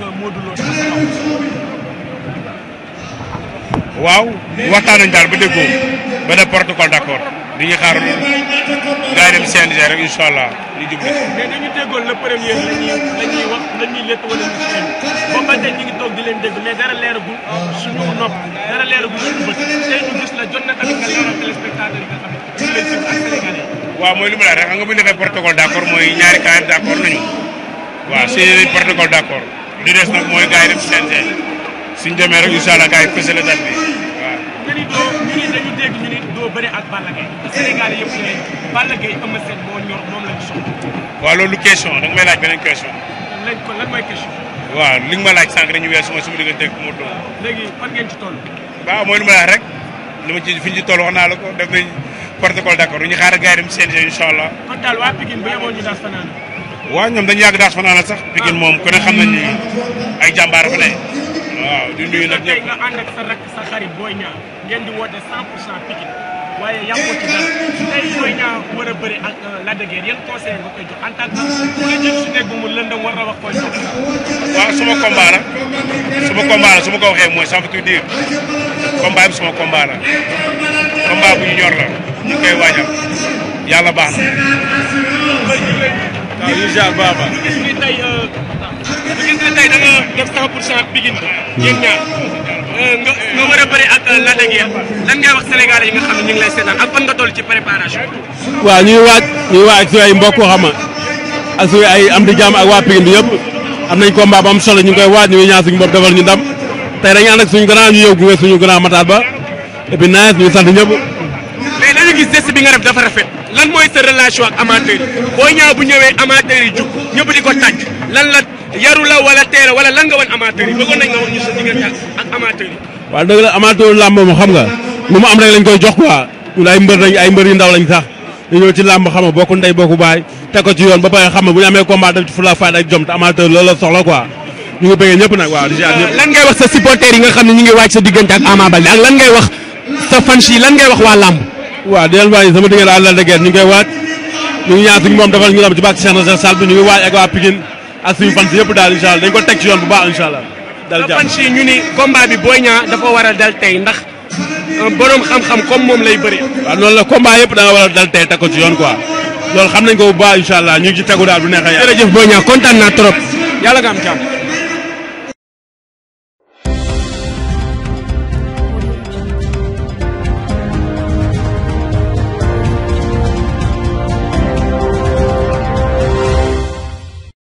Wow, waaw waxtaan daal ba déggoo ba ne protocole di allah ñu jublu. li des nag mooy gars yi dem CNG suñ demee rek incha allah gars yi fësale date bi waaw. nga ni doo ñu ni dañu doo bëri ak Balla Gaye Sénégal yëpp ñu ne Balla Gaye Eumeu Sène moo ñor moom lañ soxla. waaw loolu question da may laaj beneen question. lañ ko lan li nga ma laaj sànq dañuy weesu ma su ma digganteeg bu léegi fan ngeen ci toll. waaw mooy lu ma laaj rek li ma ci fi ñu ci toll wax naa la ko def nañ protocole d'accord ñu xaaral gars yi dem CNG incha wa ñom dañu yag daas fanana sax Pikine mom ku ne xam nañ ni ay jambar fa ne waaw di nuyu nak ñepp and ak sa rak sa xarit Boy Niang ngeen di wote 100% waye yam ko ci da tey Boy Niang wara a ak euh, la de guerre yeen conseil nga koy jox en tant que ku la jël si nekk bu mu lëndam wara wax koy jox wa suma combat la suma combat la su ko waxe moy ça veut dire combat bi suma combat la combat bu ñor la ñu koy waajal yalla baax Euh, euh, waa ñuy waaj ñuy waaj ak suñu ay mbokk xam nga ak suñu ay am di jàmm ak waa Pikine bi yëpp am nañ baa ba am solo ñu ngi koy waaj ñu ngi suñu bopp defal ñu ndam tey dañu ànd ak suñu grand ñu yëw gunge suñu grand Matar Ba et puis ñu sant ñëpp. gis geste bi nga def dafa rafet lan mooy sa laa ak amateur yi boo bu ñëwee amateur yi jug ñëpp di ko tàcc lan la yaru la wala teera wala lan nga wan amateur yi bëggoon nañ nga wax ñu sa diggante ak amateur xam nga lu mu am rek lañ koy jox quoi ñun ay mbër lañ ay mbër yu ndaw lañ sax dañoo ci làmb xam nga bokku ndey bokku baay teg ko ci yoon ba pare xam nga bu ñu amee combat def ci fula ak jom te amateur loolu la soxla quoi. ñu ngi bëggee ñëpp nag waaw lan ngay wax sa supporter yi nga xam ne ñu ngi waaj sa diggante ak Ama Baldé ak lan ngay wax sa fans yi lan ngay wax waa làmb waaw di leen waaj sama diggante daal la dëgg ñu ngi koy waaj ñu ngi ñaan suñu moom defal ñu lam ci bàq Cheikh bi ñu ngi waaj ak waa Pikine ak si dañ ko teg ci yoon bu baax incha allah. dal jàmm fan si ñu ni combat bi Boy Niang dafa war a dal tey ndax borom xam-xam comme moom lay bëri. waaw noonu la combat yëpp da nga war a dal tey teg ko ci yoon quoi lool xam nañ ko bu baax incha ñu ngi ci tegu daal bu neexee yàlla. jërëjëf Boy Niang kontaan naa trop yàlla nga am jàmm